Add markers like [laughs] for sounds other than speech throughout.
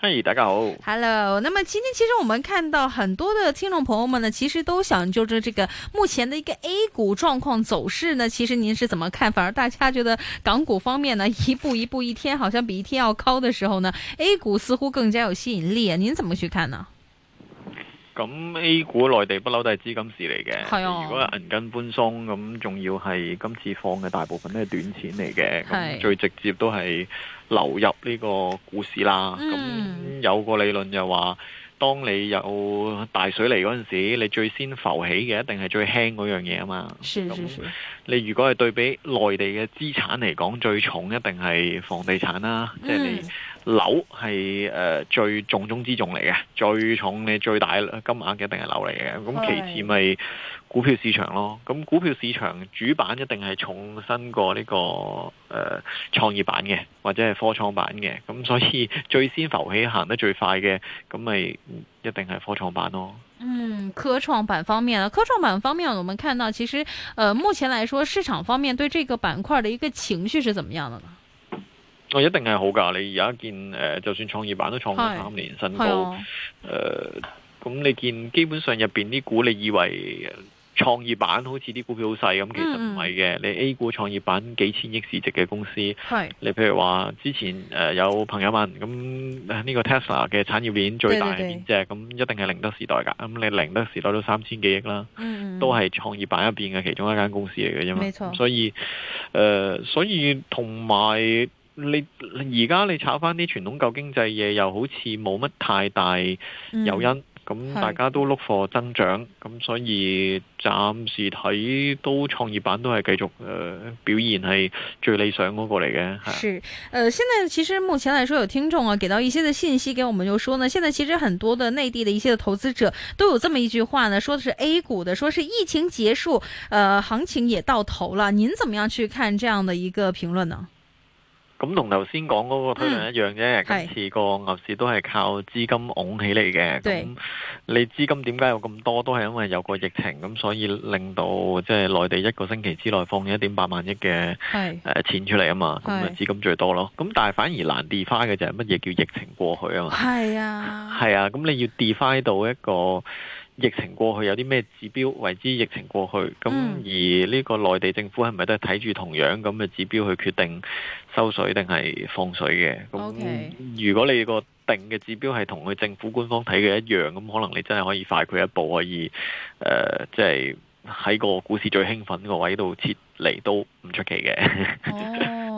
嗨、hey，大家好。Hello，那麼今天其實我們看到很多的聽眾朋友們呢，其實都想就住這個目前的一個 A 股狀況走勢呢，其實您是怎麼看？反而大家覺得港股方面呢，一步一步一天好像比一天要高的時候呢 [laughs] ，A 股似乎更加有吸引力，您怎麼去看呢？咁 A 股內地不嬲都係資金市嚟嘅，係 [laughs] 如果係銀根寬鬆，咁仲要係今次放嘅大部分都係短錢嚟嘅，咁 [laughs] 最直接都係。流入呢個股市啦，咁有個理論就話，當你有大水嚟嗰陣時，你最先浮起嘅一定係最輕嗰樣嘢啊嘛。咁你如果係對比內地嘅資產嚟講，最重一定係房地產啦，即係你。樓係誒最重中之重嚟嘅，最重嘅最大金額嘅一定係樓嚟嘅，咁其次咪股票市場咯。咁股票市場主板一定係重新過呢個誒創業板嘅，或者係科創板嘅。咁所以最先浮起行得最快嘅，咁咪一定係科創板咯。嗯，科創板方面啊，科創板方面，方面我們看到其實誒、呃、目前來說，市場方面對這個板塊的一個情緒是怎麼樣的呢？我、哦、一定係好噶，你而家見誒，就算創業板都創咗三年新高。誒，咁、哦呃、你見基本上入邊啲股，你以為創業板好似啲股票好細咁，其實唔係嘅。你 A 股創業板幾千億市值嘅公司，你譬如話之前誒、呃、有朋友問，咁呢個 Tesla 嘅產業鏈最大係邊隻？咁一定係寧德時代噶。咁你寧德時代都三千幾億啦，都係創業板入邊嘅其中一間公司嚟嘅啫嘛。所以誒、呃，所以同埋。你而家你炒翻啲傳統舊經濟嘢，又好似冇乜太大誘因，咁、嗯、大家都碌貨增長，咁所以暫時睇都創業板都係繼續誒、呃、表現係最理想嗰、那個嚟嘅。是，誒、呃，現在其實目前來說，有聽眾啊，給到一些的信息給我們，就說呢，現在其實很多的內地的一些的投資者都有這麼一句話呢，說的是 A 股的，說是疫情結束，誒、呃，行情也到頭了。您怎麼樣去看這樣的一個評論呢？咁同頭先講嗰個推量一樣啫、嗯，今次個牛市都係靠資金拱起嚟嘅。咁你資金點解有咁多？都係因為有個疫情，咁所以令到即係內地一個星期之內放一點八萬億嘅誒錢出嚟啊嘛。咁就資金最多咯。咁但係反而難 define 嘅就係乜嘢叫疫情過去啊嘛？係啊，係 [laughs] 啊。咁你要 define 到一個。疫情過去有啲咩指標為之疫情過去？咁而呢個內地政府係咪都係睇住同樣咁嘅指標去決定收水定係放水嘅？咁如果你個定嘅指標係同佢政府官方睇嘅一樣，咁可能你真係可以快佢一步，可以誒，即係喺個股市最興奮個位度撤離都唔出奇嘅。 [laughs]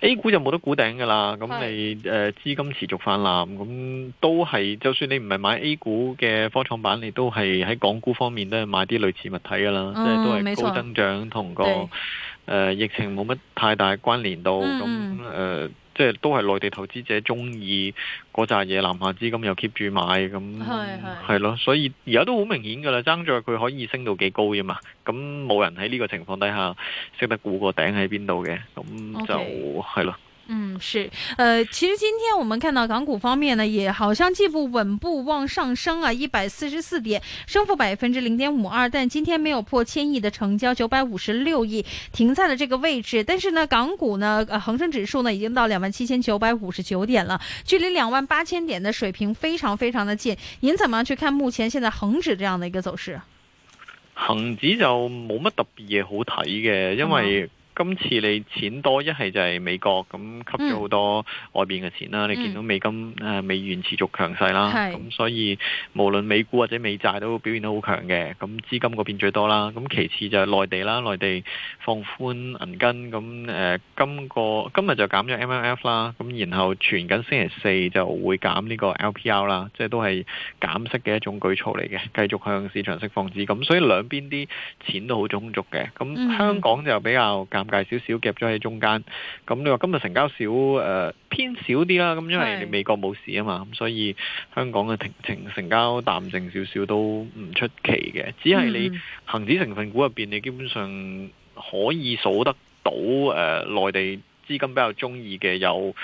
A 股就冇得估頂噶啦，咁你誒資、呃、金持續泛濫，咁都係就算你唔係買 A 股嘅科創板，你都係喺港股方面都係買啲類似物體噶啦、嗯，即係都係高增長同、嗯、個誒、呃、疫情冇乜太大關聯度，咁、嗯、誒。即係都係內地投資者中意嗰扎嘢，南下資金又 keep 住買咁，係係，係咯，所以而家都好明顯㗎啦，爭在佢可以升到幾高啫嘛，咁冇人喺呢個情況底下識得估個頂喺邊度嘅，咁就係咯。Okay. 是，呃，其實今天我們看到港股方面呢，也好像進一步穩步往上升啊，一百四十四點，升幅百分之零點五二，但今天沒有破千億的成交，九百五十六億，停在了這個位置。但是呢，港股呢，呃，恒生指數呢，已經到兩萬七千九百五十九點了，距離兩萬八千點的水平非常非常的近。您怎麼樣去看目前現在恒指這樣的一個走勢？恒指就冇乜特別嘢好睇嘅，嗯啊，因為。今次你錢多一係就係美國咁吸咗好多外邊嘅錢啦、嗯，你見到美金、嗯呃、美元持續強勢啦，咁所以無論美股或者美債都表現得好強嘅，咁資金嗰邊最多啦，咁其次就係內地啦，內地放寬銀根，咁誒、呃、今個今日就減咗 MLF 啦，咁然後存緊星期四就會減呢個 LPR 啦，即係都係減息嘅一種舉措嚟嘅，繼續向市場釋放資金，咁所以兩邊啲錢都好充足嘅，咁香港就比較減。介少少夾咗喺中間，咁你話今日成交少誒、呃、偏少啲啦，咁因為美國冇事啊嘛，咁所以香港嘅停，停成交淡靜少少都唔出奇嘅，只係你恒指成分股入邊，你基本上可以數得到誒、呃、內地。資金比較中意嘅又唔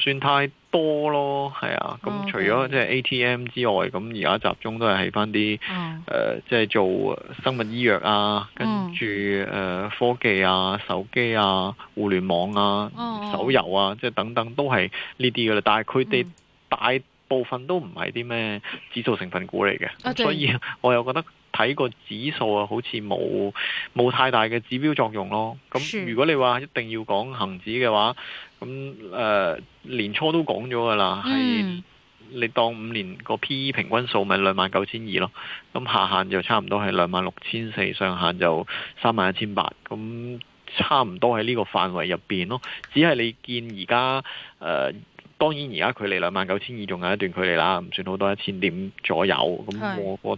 算太多咯，係啊，咁除咗即係 ATM 之外，咁而家集中都係喺翻啲誒，即、嗯、係、呃就是、做生物醫藥啊，嗯、跟住誒、呃、科技啊、手機啊、互聯網啊、嗯嗯、手遊啊，即、就、係、是、等等都係呢啲噶啦。但係佢哋大部分都唔係啲咩指數成分股嚟嘅、嗯，所以我又覺得。睇、這個指數啊，好似冇冇太大嘅指標作用咯。咁如果你話一定要講恒指嘅話，咁誒年初都講咗噶啦，係、嗯、你當五年個 PE 平均數咪兩萬九千二咯。咁下限就差唔多係兩萬六千四，上限就三萬一千八，咁差唔多喺呢個範圍入邊咯。只係你見而家誒，當然而家距離兩萬九千二仲有一段距離啦，唔算好多一千點左右。咁我我。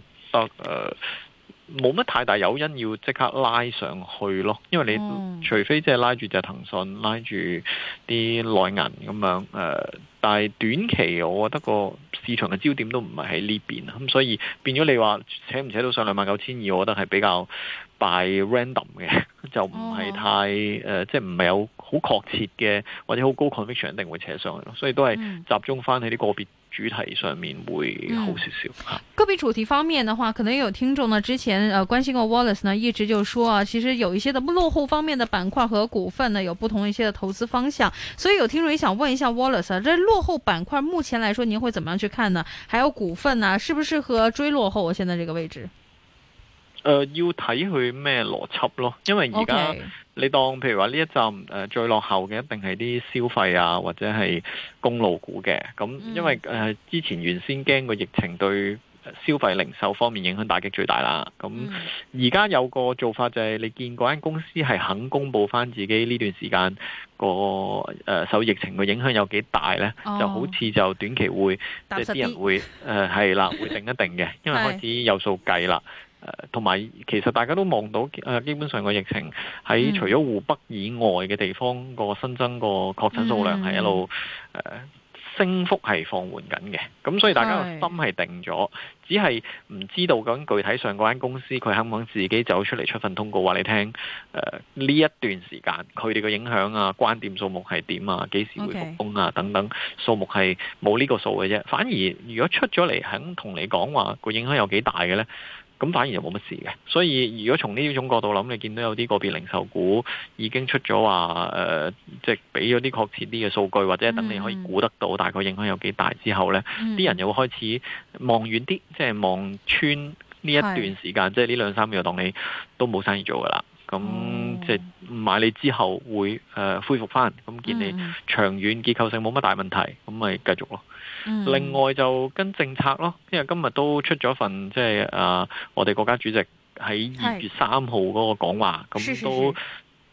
得冇乜太大誘因要即刻拉上去咯，因為你除非即係拉住就係騰訊，拉住啲內銀咁樣誒、呃，但係短期我覺得個市場嘅焦點都唔係喺呢邊，咁所以變咗你話扯唔扯到上兩萬九千二，我覺得係比較 by random 嘅，就唔係太誒，即係唔係有好確切嘅或者好高 conviction 一定會扯上去咯，所以都係集中翻喺啲個別。主題上面會好少少。嗯。個別主題方面的話，可能有聽眾呢之前呃關心過 Wallace 呢，一直就說啊，其實有一些的落後方面的板塊和股份呢，有不同一些的投資方向。所以有聽眾也想問一下 Wallace 啊，這落後板塊目前來說，您會怎麼樣去看呢？還有股份呢啊，適不適合追落後啊？現在這個位置？呃，要睇佢咩邏輯咯，因為而家。你當譬如話呢一站、呃、最落後嘅，一定係啲消費啊，或者係公路股嘅。咁因為、嗯呃、之前原先驚個疫情對消費零售方面影響打擊最大啦。咁而家有個做法就係、是、你見嗰間公司係肯公佈翻自己呢段時間、個、呃、受疫情嘅影響有幾大呢，哦、就好似就短期會即係啲人會誒係啦，呃、 [laughs] 會定一定嘅，因為開始有數計啦。同、呃、埋，其實大家都望到基本上個疫情喺、嗯、除咗湖北以外嘅地方，個新增個確診數量係一路、嗯呃、升幅係放緩緊嘅。咁、嗯、所以大家心係定咗，只係唔知道咁具體上嗰間公司佢肯唔肯自己走出嚟，出份通告話你聽。呢、呃、一段時間佢哋個影響啊，關店數目係點啊，幾時會復工啊，okay，等等數目係冇呢個數嘅啫。反而如果出咗嚟，肯同你講話個影響有幾大嘅呢？咁反而又冇乜事嘅，所以如果從呢種角度諗，你見到有啲個別零售股已經出咗話、呃，即係俾咗啲確切啲嘅數據，或者等你可以估得到大概影響有幾大之後呢，啲、嗯、人又會開始望遠啲，即係望穿呢一段時間，即係呢兩三個月就當你都冇生意做噶啦，咁即係買你之後會、呃、恢復翻，咁見你長遠結構性冇乜大問題，咁咪繼續咯。另外就跟政策咯，因為今日都出咗份即係誒、呃、我哋國家主席喺二月三號嗰個講話，咁都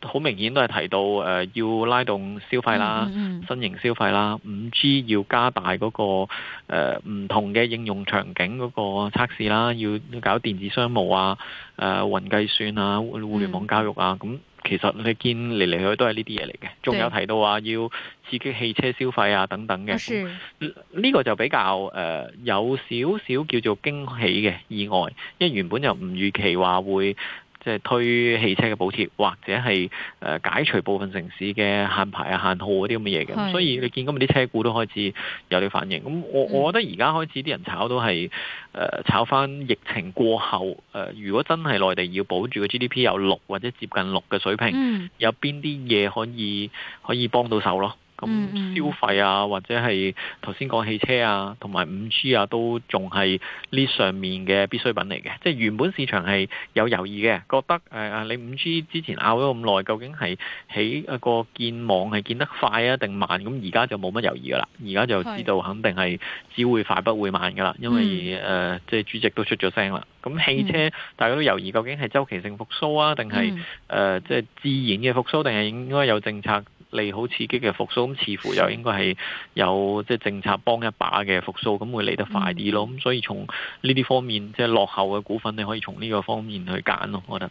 好明顯都係提到誒、呃、要拉動消費啦，新型消費啦，五 G 要加大嗰、嗰個誒唔、呃、同嘅應用場景嗰個測試啦，要搞電子商務啊，誒、呃、雲計算啊，互聯網教育啊，咁。其實你見嚟嚟去去都係呢啲嘢嚟嘅，仲有提到話、啊、要刺激汽車消費啊等等嘅。呢、呢個就比較誒、呃、有少少叫做驚喜嘅意外，因為原本就唔預期話會。即係推汽車嘅補貼，或者係誒、呃、解除部分城市嘅限牌啊、限號嗰啲咁嘅嘢嘅，所以你見今日啲車股都開始有啲反應。咁我我覺得而家開始啲人炒都係誒、呃、炒翻疫情過後誒、呃，如果真係內地要保住個 GDP 有六或者接近六嘅水平，嗯、有邊啲嘢可以可以幫到手咯？嗯，消費啊，或者係頭先講汽車啊，同埋 5G 啊，都仲係呢上面嘅必需品嚟嘅。即係原本市場係有猶豫嘅，覺得誒誒、呃，你 5G 之前拗咗咁耐，究竟係起一個建網係建得快啊定慢？咁而家就冇乜猶豫噶啦，而家就知道肯定係只會快不會慢噶啦。因為誒，即係主席都出咗聲啦。咁汽車、嗯、大家都猶豫，究竟係周期性復甦啊，定係誒即係自然嘅復甦，定係應該有政策？利好刺激嘅復甦咁，似乎又應該係有即係政策幫一把嘅復甦，咁會嚟得快啲咯。咁、嗯、所以從呢啲方面，即係落後嘅股份，你可以從呢個方面去揀咯。我覺得。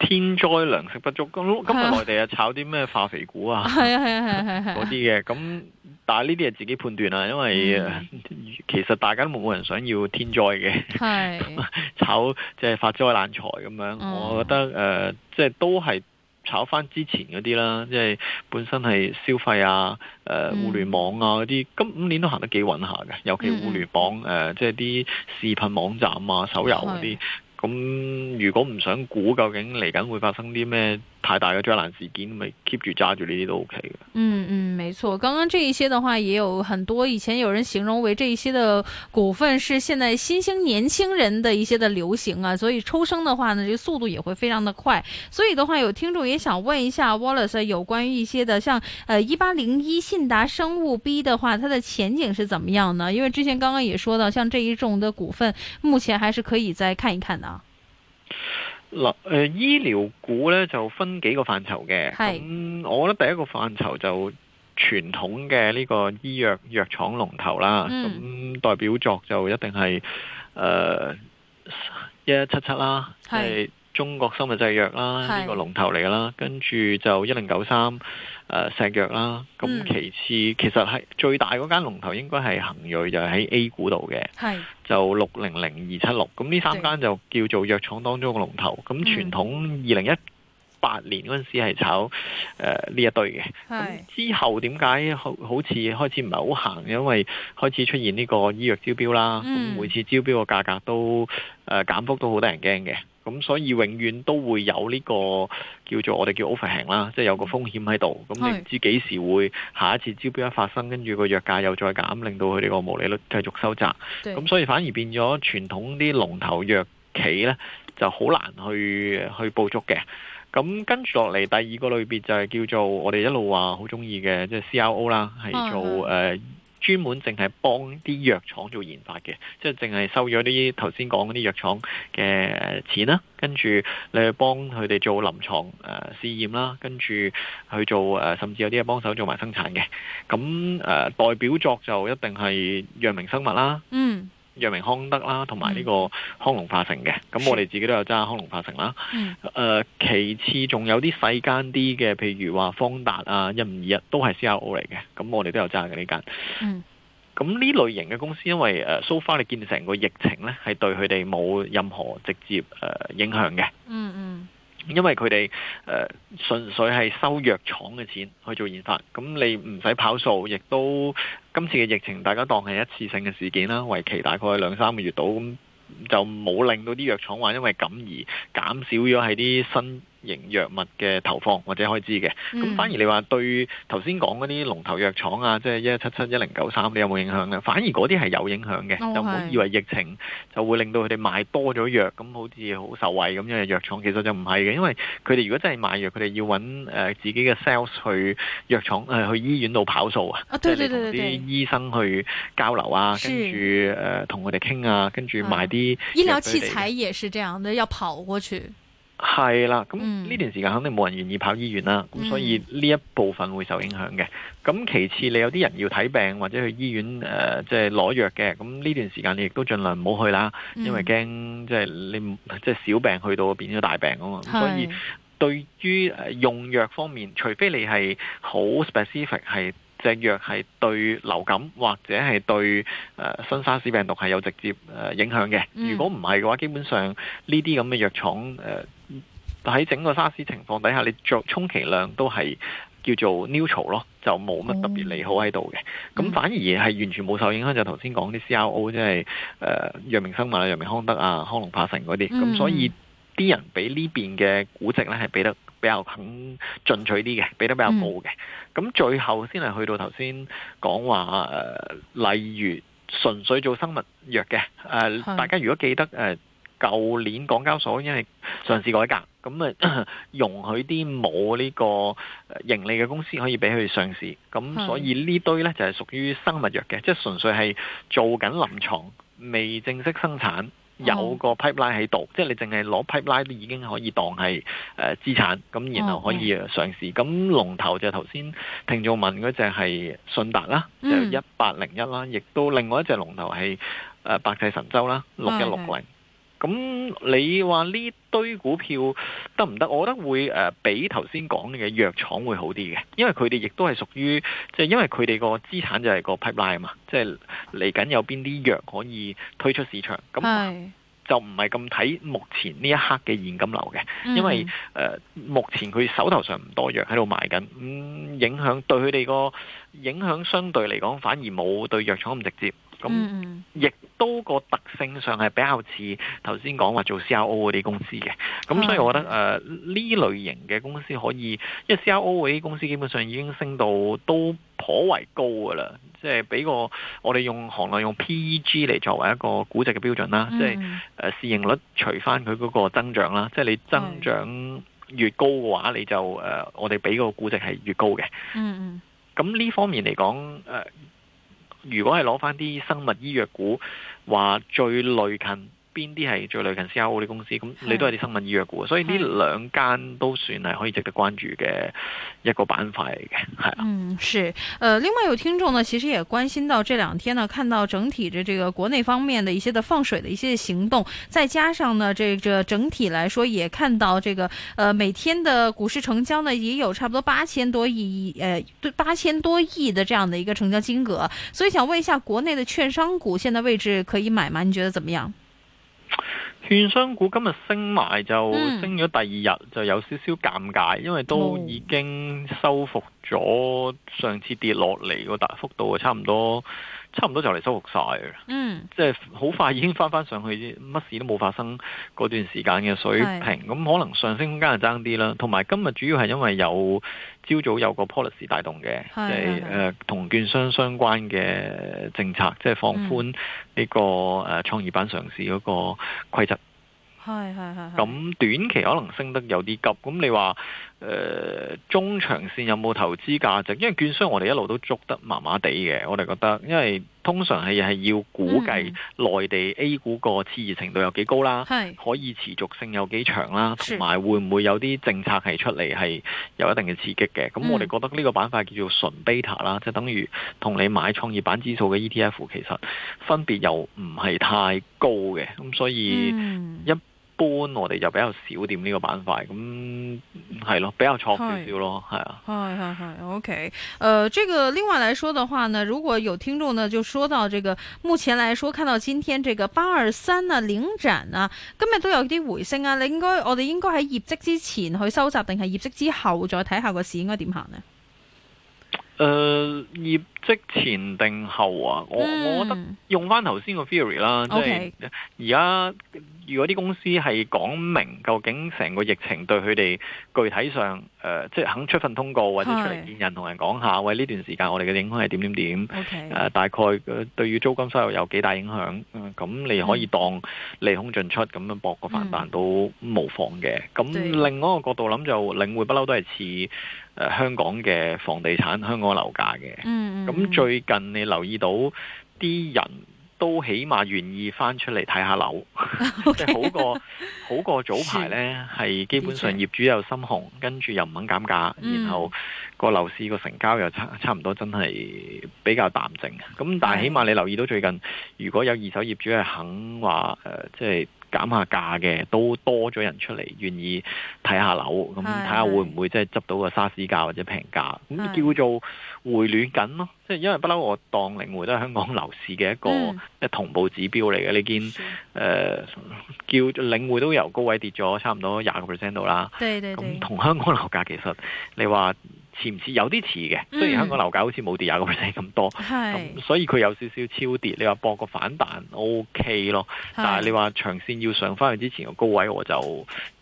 天災糧食不足咁，咁今日內地啊炒啲咩化肥股啊，嗰啲嘅咁，但係呢啲係自己判斷啊，因為、嗯、其實大家都冇人想要天災嘅， [laughs] 炒即係、就是、發災難財咁樣、嗯。我覺得誒、呃，即係都係炒返之前嗰啲啦，即係本身係消費啊、誒、呃、互聯網啊嗰啲，今五年都行得幾穩下嘅，尤其互聯網誒、嗯呃，即係啲視頻網站啊、手遊嗰啲。咁如果唔想估究竟嚟緊會發生啲咩太大嘅災難事件，咪 keep 住揸住呢啲都 OK 嘅。嗯嗯，沒錯。剛剛這一些的話也有很多，以前有人形容為這一些的股份是現在新興年輕人的一些的流行啊，所以抽升的話呢，這速度也會非常的快。所以的話，有聽眾也想問一下 Wallace 有關於一些的，像，呃，一八零一信達生物 B 的話，它的前景是怎麼樣呢？因為之前剛剛也說到，像這一種的股份，目前還是可以再看一看的。嗱，誒、呃，醫療股咧就分幾個範疇嘅。咁，我覺得第一個範疇就傳統嘅呢個醫藥藥廠龍頭啦。咁、嗯、代表作就一定係誒一一七七啦，即係、呃、中國生物製藥啦，呢、這個龍頭嚟噶啦。跟住就一零九三，誒、呃，石藥啦，咁其次、嗯、其實係最大嗰間龍頭，應該係恆瑞就喺 A 股度嘅，係就六零零二七六，咁呢三間就叫做藥廠當中嘅龍頭。咁傳統二零、呃、一八年嗰陣時係炒誒呢一堆嘅，咁之後點解好好似開始唔係好行？因為開始出現呢個醫藥招標啦，咁、嗯、每次招標嘅價格都誒減、呃、幅都好得人驚嘅。咁所以永遠都會有呢個叫做我哋叫 overhang 啦，即係有個風險喺度。咁你唔知幾時會下一次招標一發生，跟住個藥價又再減，令到佢哋個毛利率繼續收窄。咁所以反而變咗傳統啲龍頭藥企呢，就好難去去捕捉嘅。咁跟住落嚟第二個類別就係叫做我哋一路話好中意嘅，即係 CRO 啦，係做誒，專門淨係幫啲藥廠做研發嘅，即係淨係收咗啲頭先講嗰啲藥廠嘅錢啦，跟住你去幫佢哋做臨床誒試驗啦，跟住去做誒，甚至有啲係幫手做埋生產嘅。咁誒代表作就一定係藥明生物啦。嗯。藥明康德啦，同埋呢個康龍化成嘅，咁我哋自己都有揸康龍化成啦。誒、呃，其次仲有啲細間啲嘅，譬如話方達啊、一五二一都係 CRO 嚟嘅，咁我哋都有揸嘅呢間。咁、嗯、呢類型嘅公司，因為誒，so far 你見成個疫情呢，係對佢哋冇任何直接、呃、影響嘅。嗯嗯。因為佢哋誒純粹係收藥廠嘅錢去做研發，咁你唔使跑數，亦都今次嘅疫情大家當係一次性嘅事件啦，為期大概兩三個月度，咁就冇令到啲藥廠話因為咁而減少咗喺啲新型藥物嘅投放或者開支嘅，咁、嗯、反而你話對頭先講嗰啲龍頭藥廠啊，即係一七七一零九三，1093，你有冇影響呢？反而嗰啲係有影響嘅，Okay。就唔好以為疫情就會令到佢哋賣多咗藥，咁好似好受惠咁樣藥，藥、呃、藥廠，其實就唔係嘅，因為佢哋如果真係賣藥，佢哋要揾自己嘅 sales 去藥廠去醫院度跑數啊，對對對對即係同啲醫生去交流啊，跟住同佢哋傾啊，跟住賣啲醫療器材也是這樣的，要跑過去。係啦，咁呢段時間肯定冇人願意跑醫院啦，咁、嗯、所以呢一部分會受影響嘅。咁、嗯、其次，你有啲人要睇病，或者去醫院誒，即係攞藥嘅，咁、就、呢、是、段時間你亦都盡量唔好去啦，嗯、因為驚即係你即係、就是、小病去到變咗大病啊嘛、嗯。所以對於誒用藥方面，除非你係好 specific 係隻藥係對流感或者係對誒、呃、新沙士病毒係有直接誒影響嘅、嗯，如果唔係嘅話，基本上呢啲咁嘅藥廠誒。這但喺整個沙士情況底下，你作充其量都係叫做 neutral 咯，就冇乜特別利好喺度嘅。咁反而係完全冇受影響，就頭先講啲 CRO，即係誒藥明生物啊、藥明康德啊、康龍化成嗰啲。咁所以啲人畀呢邊嘅估值咧，係畀得比較肯進取啲嘅，畀得比較高嘅。咁最後先係去到頭先講話，例如純粹做生物藥嘅。誒，大家如果記得誒。舊年港交所因為上市改革，咁啊容許啲冇呢個盈利嘅公司可以俾佢上市，咁所以呢堆呢就係屬於生物藥嘅，即係、就是、純粹係做緊臨床，未正式生產有個 pipeline 喺度，即係你淨係攞 pipeline 都已經可以當係誒資產，咁然後可以上市。咁龍頭就頭先聽眾問嗰隻係信達啦，就一八零一啦，亦都另外一隻龍頭係誒百濟神州啦，六一六零。咁你話呢堆股票得唔得？我覺得會誒、呃、比頭先講嘅藥廠會好啲嘅，因為佢哋亦都係屬於，即、就、係、是、因為佢哋個資產就係個 pipeline 啊嘛，即係嚟緊有邊啲藥可以推出市場。咁就唔係咁睇目前呢一刻嘅現金流嘅，嗯，因為誒、呃、目前佢手頭上唔多藥喺度賣緊，咁、嗯、影響對佢哋個影響相對嚟講反而冇對藥廠咁直接。咁、嗯、亦、嗯、都個特性上係比較似頭先講話做 CRO 嗰啲公司嘅，咁、嗯、所以我覺得呢、嗯呃、類型嘅公司可以，因為 CRO 嗰啲公司基本上已經升到都頗為高㗎啦，即係俾個我哋用行內用 PEG 嚟作為一個估值嘅標準啦，嗯、即係誒、呃、市盈率除翻佢嗰個增長啦，嗯、即係你增長越高嘅話、嗯，你就、呃、我哋俾個估值係越高嘅。嗯咁呢、嗯、方面嚟講如果係攞翻啲生物醫藥股，話最累近。邊啲係最類近 CRO 啲公司？咁你都係啲生物醫藥股，所以呢兩間都算係可以值得關注嘅一個板塊嚟嘅，係啊，嗯，是，呃，另外有聽眾呢，其實也關心到這兩天呢，看到整體的這個國內方面的一些的放水的一些的行動，再加上呢，這個整體來說也看到這個，呃，每天的股市成交呢，也有差不多八千多億，呃，八千多億的這樣的一個成交金額，所以想問一下國內的券商股現在位置可以買嗎？你覺得怎麼樣？券商股今日升埋就升咗，第二日就有少少尷尬，因為都已經收復咗上次跌落嚟個大幅度，差唔多。差唔多就嚟收復晒，嗯，即係好快已經翻翻上去，乜事都冇發生嗰段時間嘅水平，咁可能上升空間係爭啲啦。同埋今日主要係因為有朝早有個 policy 帶動嘅，即係誒同券商相關嘅政策，即係放寬呢個誒創業板上市嗰個規則。係係係。咁短期可能升得有啲急，咁你話？誒、呃，中長線有冇投資價值？因為券商我哋一路都捉得麻麻地嘅，我哋覺得，因為通常係係要估計內地 A 股個熾熱程度有幾高啦，嗯，可以持續性有幾長啦，同埋會唔會有啲政策係出嚟係有一定嘅刺激嘅？咁，嗯、我哋覺得呢個板塊叫做純 beta 啦，即係等於同你買創業板指數嘅 ETF，其實分別又唔係太高嘅，咁所以一。嗯般我哋就比較少點呢個板塊，咁係咯，比較錯少少咯，係啊。係係係，OK、呃。誒，這個另外嚟說嘅話呢，如果有聽眾呢，就說到這個目前來說，看到今天這個八二三啊，零展啊，今日都有啲回 p 啊。你應該我哋應該喺業績之前去收集，定係業績之後再睇下個市應該點行呢？呃即前定後啊！嗯、我我覺得用翻頭先個 theory 啦，嗯、即係而家如果啲公司係講明究竟成個疫情對佢哋具體上、呃、即係肯出份通告或者出嚟見人同人講下，喂呢段時間我哋嘅影響係點點點，誒、okay，呃、大概、呃、對於租金收入有幾大影響，咁、呃、你可以當利空盡出咁、嗯、樣博個反彈、嗯、都無妨嘅。咁另外一個角度諗就領匯不嬲都係似、呃、香港嘅房地產香港的樓價嘅。嗯嗯。咁、嗯、最近你留意到啲人都起碼願意翻出嚟睇下樓，即係好過好過早排咧，係基本上業主又心紅，跟住又唔肯減價、嗯，然後個樓市個成交又差差唔多，真係比較淡靜，咁但係起碼你留意到最近，如果有二手業主係肯話、呃、即係。減下價嘅都多咗人出嚟，願意睇下樓，咁睇下會唔會即係執到個沙士價或者平價，咁叫做回暖緊咯。即係因為不嬲，我當領匯都係香港樓市嘅一個一同步指標嚟嘅。你見誒、呃，叫領匯都由高位跌咗差唔多廿個 percent 度啦。咁同香港樓價其實你話。似唔似？有啲似嘅，雖然香港樓價好似冇跌廿個 percent 咁多，咁、嗯、所以佢有少少超跌。你話博個反彈，O、OK、K 咯。但係你話長線要上翻去之前個高位，我就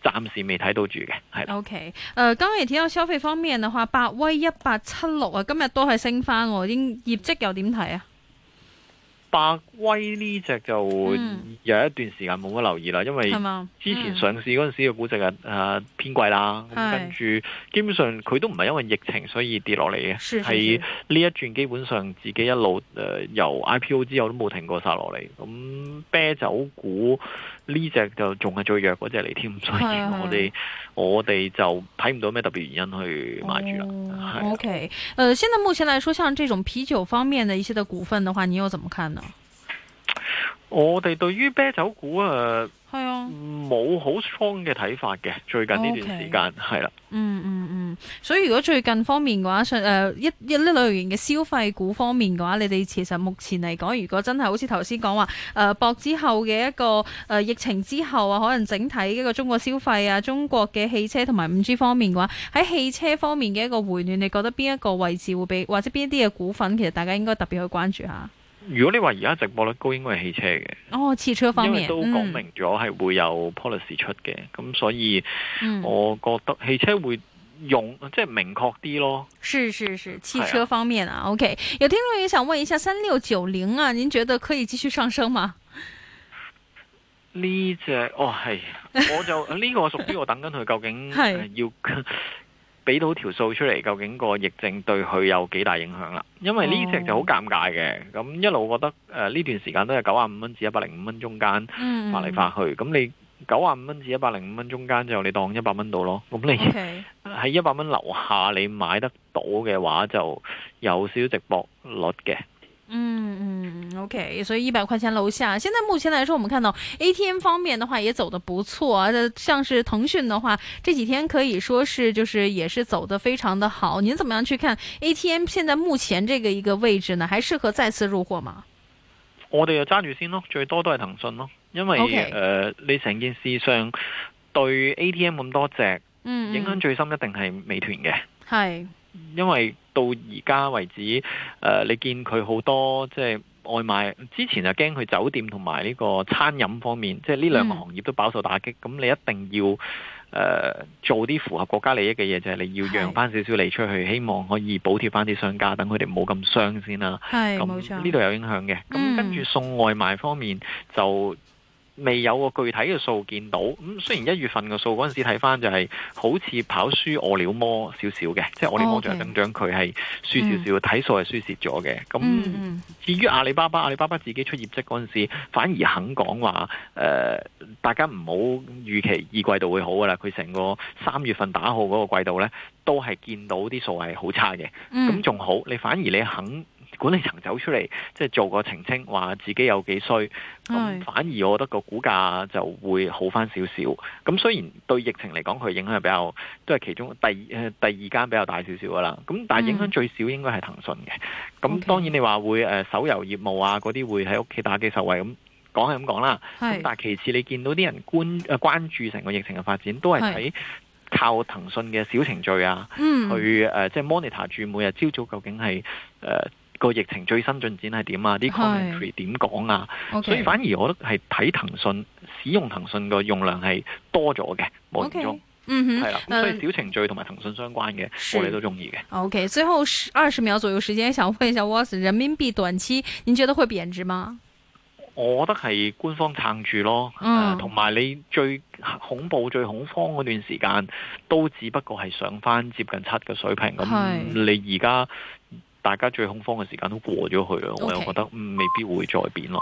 暫時未睇到住嘅，係啦。O K，誒，剛剛提到消費方面嘅話，百威一八七六啊，今日都係升翻喎、哦，應業績又點睇啊？百威呢隻就有一段時間冇乜留意啦、嗯，因為之前上市嗰陣時嘅估值啊啊偏貴啦、嗯，跟住基本上佢都唔係因為疫情所以跌落嚟嘅，係呢一轉基本上自己一路誒由 IPO 之後都冇停過殺落嚟。咁啤酒股呢隻就仲係最弱嗰隻嚟添，所以我哋我哋就睇唔到咩特別原因去買住啊、哦。OK，誒、呃，現在目前來說，像這種啤酒方面的一些的股份的話，你又怎麼看呢？我哋對於啤酒股、呃、啊，係啊，冇好倉嘅睇法嘅。最近呢段時間係啦、okay.，嗯嗯嗯。所以如果最近方面嘅話，誒、呃、一一啲旅遊業嘅消費股方面嘅話，你哋其實目前嚟講，如果真係好似頭先講話，誒博、呃、之後嘅一個誒、呃、疫情之後啊，可能整體一個中國消費啊，中國嘅汽車同埋五 G 方面嘅話，喺汽車方面嘅一個回暖，你覺得邊一個位置會比，或者邊一啲嘅股份，其實大家應該特別去關注下。如果你話而家直播率高，應該係汽車嘅。哦，汽車方面，因為都講明咗係會有 policy、嗯、出嘅，咁所以我覺得汽車會用、嗯、即係明確啲咯。係係係，汽車方面啊，啊，OK。有聽眾也想問一下，三六九零啊，您覺得可以繼續上升嗎？呢、這、隻、個、哦係，我就呢、這個屬於我等緊佢究竟係、 [laughs] 呃、要。 [laughs] 俾到條數出嚟，究竟個疫症對佢有幾大影響啦？因為呢隻就好尷尬嘅，咁一路覺得誒呢段時間都係九啊五蚊至一百零五蚊中間，揈嚟揈去。咁你九啊五蚊至一百零五蚊中間就你當一百蚊度咯。咁你喺一百蚊樓下你買得到嘅話，就有少少值博率嘅。嗯嗯。O.K.，所以一百塊錢樓下，現在目前來說，我們看到 A.T.M 方面的話也走得不錯。啊，像是騰訊的話，這幾天可以說是就是也是走得非常的好。您怎麼樣去看 A.T.M 現在目前這個一個位置呢？還適合再次入貨嗎？我哋就揸住先咯，最多都係騰訊咯，因為誒、okay. 呃，你成件事上對 A.T.M 咁多隻，嗯，嗯，影響最深一定係美團嘅，係，因為到而家為止，誒、呃，你見佢好多即係。外賣之前就驚佢酒店同埋呢個餐飲方面，即係呢兩個行業都飽受打擊。咁、嗯、你一定要誒、呃、做啲符合國家利益嘅嘢，就係、是、你要讓翻少少利出去，希望可以補貼翻啲商家，等佢哋唔好咁傷先啦。係冇錯，呢度有影響嘅。咁跟住送外賣方面就。嗯未有個具體嘅數見到，咁、嗯、雖然一月份嘅數嗰陣時睇返就係好似跑輸餓了麼少少嘅，okay. 即係餓了麼在增長佢係輸少少，睇數係輸蝕咗嘅。咁至於阿里巴巴，阿里巴巴自己出業績嗰陣時，反而肯講話，誒、呃、大家唔好預期二季度會好噶啦。佢成個三月份打號嗰個季度呢，都係見到啲數係好差嘅。咁仲好，你反而你肯。管理層走出嚟，即、就、係、是、做個澄清，話自己有幾衰，反而我覺得個股價就會好翻少少。咁雖然對疫情嚟講，佢影響係比較，都係其中第誒第二間、呃、比較大少少噶啦。咁但係影響最少應該係騰訊嘅。咁、嗯、當然你話會誒、呃、手遊業務啊嗰啲會喺屋企打機受惠，咁講係咁講啦。咁但係其次你見到啲人觀誒關注成個疫情嘅發展，都係喺靠騰訊嘅小程序啊，去誒即係 monitor 住每日朝早究竟係誒。呃個疫情最新進展係點啊？啲 commentary 點講啊？Okay. 所以反而我覺得係睇騰訊使用騰訊個用量係多咗嘅，冇用。嗯、okay. 哼、mm -hmm. 啊，係啦，咁所以小程序同埋騰訊相關嘅、呃，我哋都中意嘅。OK，最後二十秒左右時間，想問一下 Watson，人民幣短期你覺得會貶值嗎？我覺得係官方撐住咯，同、嗯、埋你最恐怖、最恐慌嗰段時間，都只不過係上翻接近七嘅水平咁，你而家。大家最恐慌嘅時間都過咗去啦，okay. 我又覺得未必會再變咯。